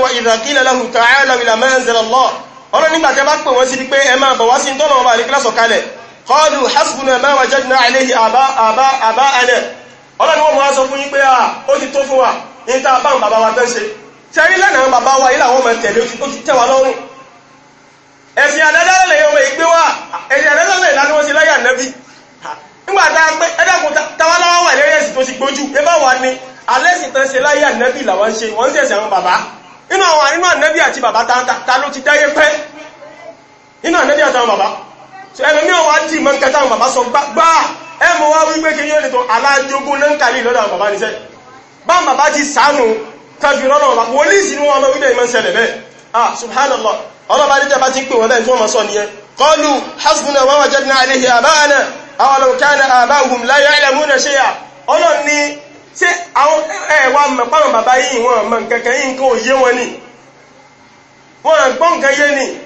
wa idha qila lahu ta'ala ila ma anzala Allah ọlọ́ nígbà tẹ́ bá pè wọ́n sí pé ẹ máa bọ̀ wá sí tọ́nà ọba àríkílá sọ̀kalẹ̀ kọlu hasbuna ma wajadna alayhi àbá àbá àbá alẹ́ ọlọ́ ni wọ́n mọ́ sọ fún yín pé ah, ó ti tó fún wa ní ta bá ń bàbá wa tán ṣe ṣe rí lẹ́nà bàbá wa ilà wọn mọ̀ tẹ̀lé ó ti tẹ́ wa lọ́rùn ẹ̀sìn àdádálẹ̀ ọmọ ìgbé wa ẹ̀sìn àdádálẹ̀ ìlànà wọn ti láyà nẹ́bí nígbà tá a pé ẹ̀dàkùn tawáláwá wà lẹ́yìn ẹ̀sìn tó ti gbójú ẹ bá wà ní alẹ́sìn tán ṣe láyà nẹ́bí làwọn ṣe wọ́n ń ṣẹ̀ṣẹ̀ inú àwọn àrínú ànẹ́bí àti bàbá ta ló ti dáyé pẹ́ inú ànẹ́bí àtàwọn bàbá so ẹlòmí ọwọ́ dì mọ́ nǹkan táwọn bàbá sọ gbá ẹmọ wá wípé kí yóò nìtò alájogún náà ń kàlí lọ́dọ̀ àwọn bàbá níṣẹ́ bá bàbá ti sànù káfí rọ́nà ọ̀bá wòlíìsì ni wọ́n mọ́ wípé ìmọ̀ ń ṣẹlẹ̀ bẹ́ẹ̀ ah subhanallah ọlọ́ba ní tẹ́ bá ti ń pè wọ́n bẹ́ẹ̀ tí wọ́n mọ̀ sọ nìyẹn qalu hasbuna wa wajadna alayhi aba'ana aw law kana aba'uhum la ya'lamuna shay'a ọlọ́run ni yé ni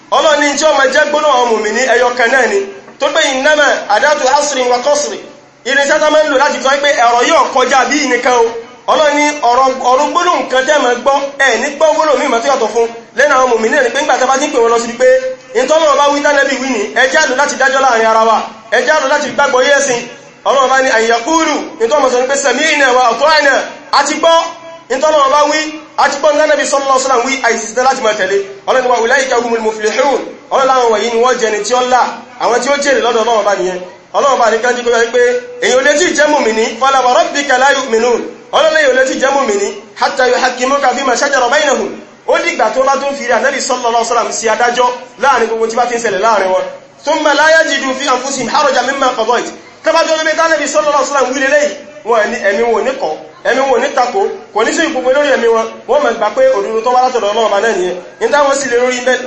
ọlọ́ni tí ọmọ jẹ́ gbóná àwọn mùmìnì ẹyọ kan náà ni tó pé ìnámà àdátù asrin wa kọ́sìrì irinṣẹ́ tá máa ń lò láti sọ pé ẹ̀rọ yóò kọjá bí nìkan o ọlọ́ni ọ̀rọ̀ gbóná nǹkan tẹ́ máa gbọ́ ẹ̀ ní gbọ́ gbóná mímọ̀ tí ọ̀tọ̀ fún lẹ́nu àwọn mùmìnì rẹ̀ pé ńgbà tá bá ti ń pè wọn lọ sí ni ẹ jáàlù láti dájọ́ láàrin ara wa ẹ jáàlù láti gbàgbọ́ yé ẹ̀sìn ọlọ́run bá ní àyẹ̀kúrù ìtọ́mọ̀sọ̀ ní pé àti gbọ́n lánàbí sallallahu alaihi wasallam wí àìsìsìdá láti máa tẹ̀lé ọlọ́ni wa ulaika humul muflihun ọlọ́láwọn wọ̀nyí ni wọ́n jẹni tí ó là àwọn tí ó jèrè lọ́dọ̀ ọlọ́wọ̀n bá nìyẹn ọlọ́wọ̀n bá ní kájí kó yẹ pé èyí ò lè tí jẹ́ mùmìnì fala wa rabbika la yu'minun ọlọ́lẹ́ yóò lè tí jẹ́ mùmìnì hatta yuhakkimuka fima shajara bainahum ó dìgbà tó bá tún fìrí ànábì sallallahu alaihi wasallam sí adájọ́ láàrin gbogbo tí bá wọn ẹni ẹ̀mí wọn ní kọ̀ ẹ̀mí wọn ní tako kò ní sí ìpòpò lórí ẹ̀mí wọn wọ́n mọ̀ gbà pé òdúró tó wá látọ̀dọ̀ ọlọ́ọ̀bá náà nìyẹn ní táwọn sì lè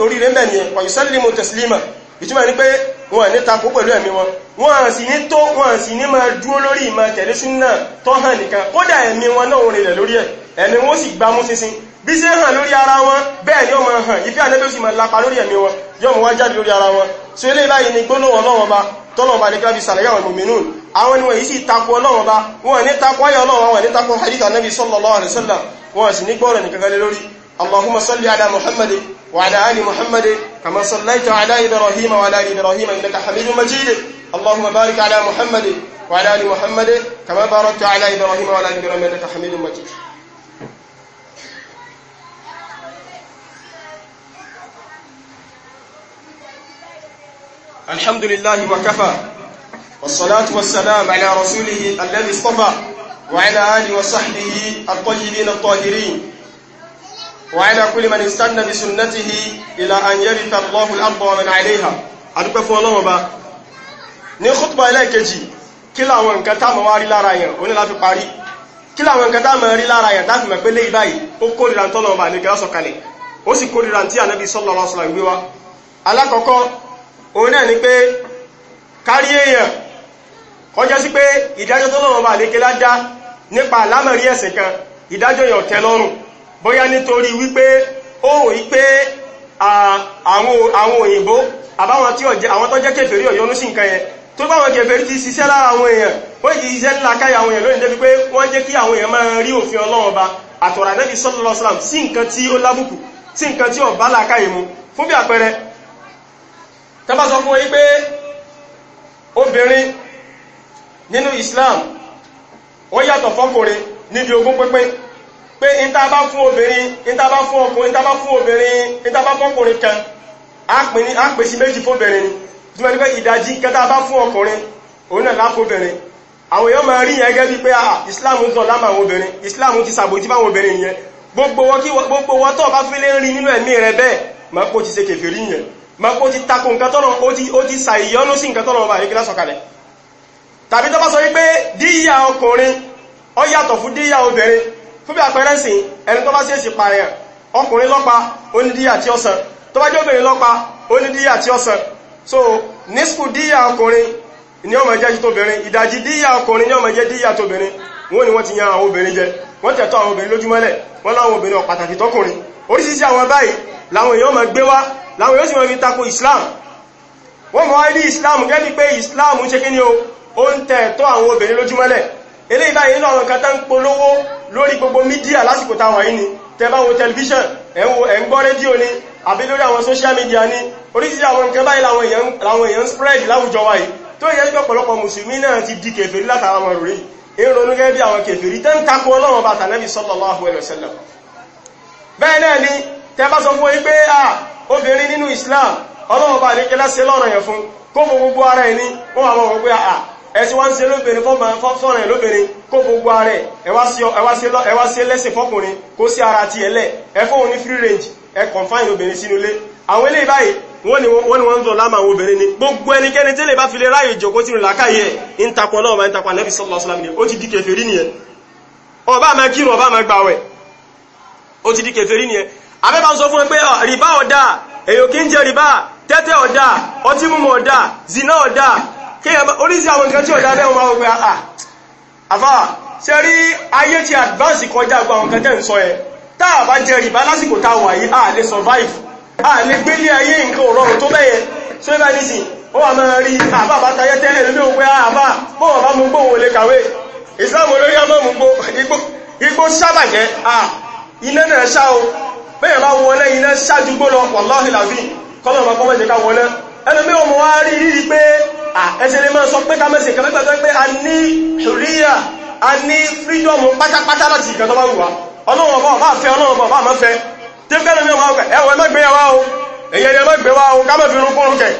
orí rẹ̀ mẹ́ni ẹ̀ pàyù sẹ́lẹ̀ mo tẹ̀sílímà ìtumọ̀ ní pé wọn ní tako pẹ̀lú ẹ̀mí wọn wọn sì ní tó wọn sì ní máa dúró lórí ìmọ̀ tẹ̀lé súnà tó hàn nìkan kódà ẹ̀mí wọn náà rìn rẹ̀ lórí ẹ̀ ẹ̀mí wọn sì gbámú sínsín bí ṣe hàn lórí ara wọn bẹ́ẹ̀ ni ó máa hàn ìfẹ́ ànẹ́bí máa lapa lórí ẹ̀mí wọn yóò mú wá jáde lórí ara wọn so eléyìí báyìí ni gbólóhùn ọlọ́wọ́ bá tọ́lọ̀ bá ní kí lábi sàlàyé àwọn ìmòmìnú àwọn ènìyàn yìí sì takò ọlọ́run bá wọn ní takò ayé ọlọ́run wọn ní takò hadita nabi sallallahu alaihi wasallam wọn sì ní gbọ́rọ̀ nìkan galé lórí allahumma salli ala الحمد لله وكفى والصلاة والسلام على رسوله الذي اصطفى وعلى آله وصحبه الطيبين الطاهرين وعلى كل من استنى بسنته إلى أن يرث الله الأرض ومن عليها أدوك فولو با ní khutba ẹlẹ́ẹ̀kejì kí láwọn nǹkan tá mọ̀ wá rí lára yẹn ó ní láti parí kí láwọn nǹkan tá mọ̀ rí lára yẹn láti mọ̀ pé lé ìbáyìí ó kórìíra tọ́lọ̀ ọba ní gẹ́lá sọ̀kalẹ̀ ó sì kórìíra tí ànábì sallallahu alaihi wasallam gbé wá alákọ̀ọ́kọ́ òun náà ni pé kárí èèyàn kọjá sí pé ìdájọ́ tó lọ́wọ́ bá lékelá dá nípa àlámọ̀rí ẹ̀sìn kan ìdájọ́ yàn tẹ́ lọ́rùn bóyá nítorí wípé ó rí pé àwọn òyìnbó àbáwọn tí ọjẹ́ àwọn tó jẹ́ kèfèrí ọ̀yọ́nú sí nǹkan yẹn tó bá wọn kèfèrí ti ṣiṣẹ́ lára àwọn èèyàn ó ti ṣiṣẹ́ ńlá káyà àwọn èèyàn lónìí débi pé wọ́n jẹ́ kí àwọn èèyàn máa rí òfin Ọlọ́run ọba àtọ̀rọ̀ Ànábì sallallahu tọ́bá sọ fún wípé obìnrin nínú Islam ó yàtọ̀ fọ́kùnrin níbi ogún pínpín pé ìntàbá fún obìnrin ìntàbá fún ọkùnrin ìntàbá fún obìnrin ìntàbá fọ́kùnrin kan a pè sí méjì fóbìnrin túnmọ̀ ní pé ìdajì kẹta bá fún ọkùnrin òun náà láfóbìnrin àwọn èèyàn máa rí yẹn gẹ́ bí pé ah, ah, Islam ń tọ́ lámà àwọn obìnrin Islam ti sàbòjí báwọn obìnrin yẹn gbogbo wọ́n tó bá fi lé rí nínú ẹ̀mí rẹ bẹ́ẹ̀ máa kó ti ṣe kèfèrí yẹn ma ó ti tako nǹkan tọ́nà ó ti sàìyọ́nú sí nǹkan tọ́nà ọba àríkílá sọ̀kalẹ̀ tàbí tọ́ bá sọ wípé díyà ọkùnrin ó yàtọ̀ fún díyà obìnrin fún bí àpẹẹrẹ sí ẹni tó bá sí èsì pààyàn ọkùnrin lọ́pa ó ní díyà tí ó san tó jẹ́ obìnrin lọ́pa ó ní so nísìkú díyà ọkùnrin ni ó máa jẹ́ tóbìnrin ìdajì díyà ọkùnrin ni ó máa jẹ́ ni wọ́n ti yan àwọn obìnrin jẹ wọ́n tẹ̀tọ́ àwọn obìnrin lójúmọ́lẹ̀ wọ́n láwọn obìnrin ọ̀pàtàkì láwọn èèyàn máa gbé wá láwọn èèyàn sì máa fi tako islam wọ́n mọ̀ ní islam gẹ́lì pé islam ń ṣe kí ni o ó ń tẹ̀ tọ́ àwọn obìnrin lójúmọ́lẹ̀ eléyìí báyìí nínú àwọn kan tá ń polówó lórí gbogbo mídíà lásìkò táwọn yìí ni tẹ́ bá wo ni àbí lórí àwọn social media spread láwùjọ wa yìí tó yẹ pé ọ̀pọ̀lọpọ̀ mùsùlùmí náà ti di kèfèrí látara wọn rí ìrònú gẹ́gẹ́ bí àwọn sallallahu alaihi wasallam bẹ́ẹ̀ náà ni tẹ́ bá ikpe fún yín n'inu Islam ọlọ́run bá àdékẹ́ lásẹ̀ lọ́rọ̀ yẹn fún kó gbogbo ara ẹ̀ ní wọ́n àwọn ọmọ pé à ẹ̀sí wá ń lóbìnrin fọ́nà lóbìnrin kó gbogbo ara ẹ̀ ẹwà fọ́kùnrin kó sí ara ti ẹ̀lẹ́ ẹfọ́hun ní free range ẹ confine obìnrin sínú ilé àwọn ilé wọ́n ni gbogbo ẹnikẹ́ni tí lè bá fi lè ráyè tí ó abẹ́bà ń sọ fún ẹ pé rìbá ọ̀dá èyò kí ń jẹ rìbá tẹ́tẹ́ ọ̀dá ọtí mímu ọ̀dá zina ọ̀dá oríṣi àwọn nǹkan tí ọ̀dá bẹ́ẹ̀ wọn wọ́n pé ah, ah. àfà ṣe rí ayé advance kọjá gbọ́ àwọn nǹkan tẹ́ ń sọ ẹ tá a bá jẹ rìbá lásìkò tá a wà yìí a lè survive a lè gbélé ayé nǹkan òrọ̀rùn tó bẹ́yẹ so ẹ bá ní sìn ó wà máa rí ah, àbá bá tayẹ tẹ́lẹ̀ lórí òun pé àbá bọ́wọ̀ bá mú gbóhùn olórí ọmọ mú sábàjẹ́ à iná náà ṣá bẹ́yàn bá wọlé iná ṣájú gbólọ wàláhì làbí kọ́lọ̀mà kọ́ mẹ́jẹ ká wọlé ẹnu mí o mọ̀ wá rí rí pé ẹsẹ̀ lè máa sọ pé ká mẹ́sẹ̀ kẹfẹ́ gbàgbẹ́ pé a ní ṣùríyà a ní fírídọ̀mù pátápátá láti ìkà tó bá wù wá ọlọ́wọ̀n bá bá fẹ́ ọlọ́wọ̀n bá bá máa fẹ́ tí kẹ́lù mí ọmọ ọkẹ̀ ẹwọ ẹmẹ́gbẹ́ wa o èyẹ ni ẹmẹ́gbẹ́ wa o ká mẹ́fì rúkún rúkẹ̀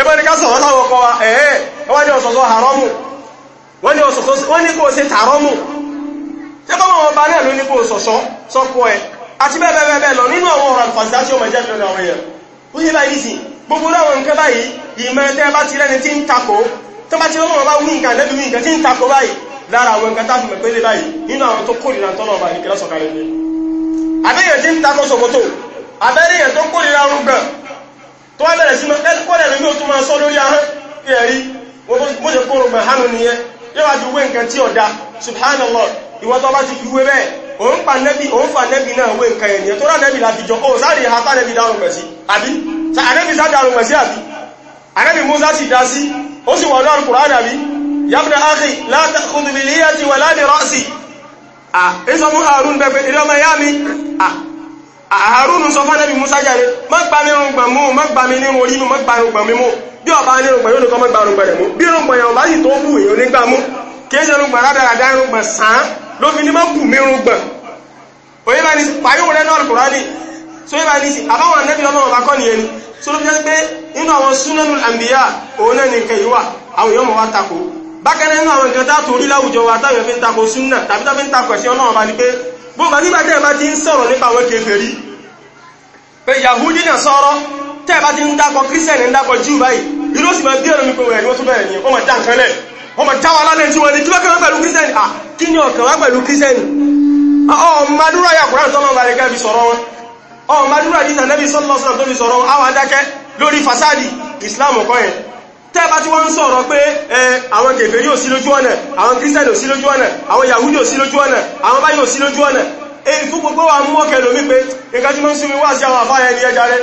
ẹbẹ́ ni ká sọ̀rọ̀ láwọn ọkọ̀ wa ẹ̀ẹ́ wọ́n ni ọ̀sọ̀sọ̀ haramu wọ́n ni kò ṣe tàrọ́mù tẹ́kọ́ mọ̀ ọba náà ló ní kò sọ̀sọ́ sọ́kọ́ ẹ̀ àti bẹ́ẹ̀bẹ́ẹ̀bẹ́ẹ̀ lọ nínú àwọn ọ̀rọ̀ àfàṣà tí ó mẹ́jẹ́ fẹ́ lọ rẹ̀ ó yé báyìí sí gbogbo láwọn nǹkan báyìí ìmọ̀ tẹ́ bá ti rẹ́ni tí ń takò tó bá ti lọ́wọ́ bá wí nǹkan lẹ́bí wí nǹkan tí ń takò báyìí lára àwọn nǹkan táfi mẹ́ pélé báyìí nínú àwọn tó kórìíra tọ́nà ọba ní kẹlẹ́sọ̀ kalẹ̀ ní abẹ́yẹ̀ tí ń takò ṣòkòtò abẹ́yẹ̀ tó kórìíra rúgbọ̀n tó wá bẹ̀rẹ̀ sí kọ́lẹ̀ lómi ó tún máa sọ lórí ahọ́n ẹ̀rí mo ṣe kórùgbọ̀n hánu nìyẹn yóò wá fi wé nǹkan tí ọ̀dà subhanallah ìwọ́n tó bá ti fi wé bẹ́ẹ̀ òun pa nẹ́bí òun fa nẹ́bí náà wé nǹkan ènìyàn tó rá nẹ́bí láti jọ ó sáré àtà nẹ́bí dárùn pẹ̀ sí àbí anẹ́bí sá dárùn pẹ̀ sí àbí anẹ́bí Musa sì dá sí ó sì wọ̀n náà kùrán àbí yabna akhi la ta'khudh bi liyati wa la bi ra'si ah eso mu Harun be pe ile ọmọ ya mi ah Harun sọ fa nẹ́bí Musa jàre má gba mi run gbon mu má gba mi ni run lómi ní mọ́kù mírùn gbọ̀n oye bá ní sí pàyíwò rẹ̀ náà kùránì so yíba ní sí àbáwọn anẹ́bí ọlọ́run bá kọ́ ní ẹni so ló fi jẹ́ pé inú àwọn súnanul àmbíyà òun náà ní nǹkan yìí wà àwọn èèyàn mọ̀ wá tako bákẹ́rẹ́ inú àwọn nǹkan tá torí láwùjọ wa táwọn fi ń tako súnà tàbí tó yahudi náà sọ̀rọ̀ tẹ́ ẹ bá ti ń dákọ kírísẹ̀nì ń dákọ jù báyìí irú sì máa ni wọ́n tún bẹ̀rẹ̀ wọ́n mọ̀ jáwà lálẹ́ tí wọ́n ní kí lọ́kẹ́ wọ́n pẹ̀lú kírísẹ́nì à kí ni ọ̀kàn wá pẹ̀lú kírísẹ́nì ọmọdúrà yà kùrán tọ́lọ́ bá rẹ̀kẹ́ fi sọ̀rọ̀ wọn ọmọdúrà yìí tànẹ́bí sọ́lọ́sọ́lọ́ tó fi sọ̀rọ̀ àwọn adákẹ́ lórí fasadi Islam kọ́ yẹn tẹ́ bá tí wọ́n ń sọ̀rọ̀ pé àwọn kèfèrí ò sí lójú ọ̀nà àwọn kírísẹ́nì ò sí lójú ọ̀nà àwọn yahudi ò sí lójú ọ̀nà àwọn báyìí ò sí lójú ọ̀nà èyí fún gbogbo wa mú ọ̀kẹ́ lómi pé nǹkan tí wọ́n ń sinmi wá sí àwọn àfáà ẹni ẹja rẹ̀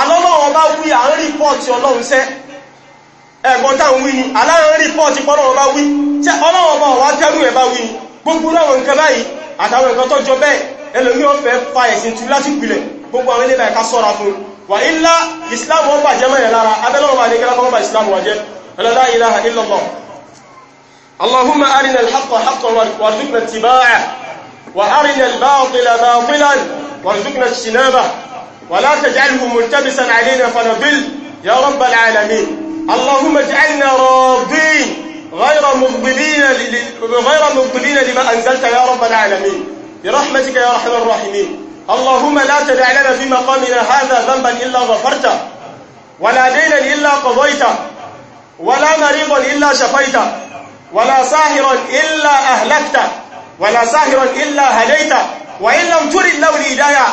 alọ́lọ́wọ́ bá wí à ń rípọ́ọ̀tì ọlọ́run sẹ́ ẹ̀gbọ́n táwọn wí ni aláàrín rípọ́ọ̀tì pọ́lọ́wọ́ bá wí tẹ́ ọlọ́wọ́ bá wá tẹ́rù ẹ̀ bá wí ni gbogbo láwọn nǹkan báyìí àtàwọn nǹkan tó jọ bẹ́ẹ̀ ẹlòmí ó fẹ́ fa ẹ̀sìn tú láti pìlẹ̀ gbogbo àwọn ilé ẹ̀ka sọ́ra fún wà ilá ìsìláàmù ọba jẹ́mọ̀ ẹ̀ lára abẹ́lọ́wọ́ bá ní kẹ́lọ́kọ́ bá ìsìláàmù wà jẹ́ la ilaha illallah اللهم أرنا الحق الباطل باطلا وارزقنا ولا تجعله ملتبسا علينا فنضل يا رب العالمين اللهم اجعلنا راضين غير مقبلين غير مقبلين لما انزلت يا رب العالمين برحمتك يا ارحم الراحمين اللهم لا تدع لنا في مقامنا هذا ذنبا الا غفرته ولا دينا الا قضيته ولا مريضا الا شفيته ولا ساهرا الا اهلكته ولا ساهرا الا هديته وان لم ترد له الهدايه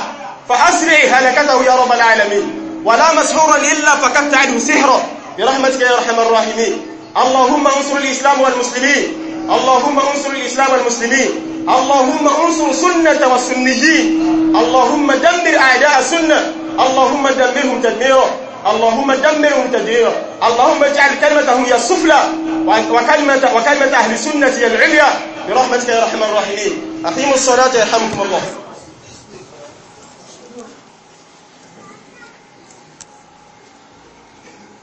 فأسرع هلكته يا رب العالمين ولا مسحورا إلا فكفت عنه سحره برحمتك يا أرحم الراحمين اللهم انصر الإسلام والمسلمين اللهم انصر الإسلام والمسلمين اللهم انصر سنة والسنيين اللهم دمر أعداء السنة اللهم دمرهم تدميرا اللهم دمرهم تدميرا اللهم اجعل كلمتهم هي السفلى وكلمة, وكلمة أهل السنة هي العليا برحمتك يا أرحم الراحمين أقيموا الصلاة يرحمكم الله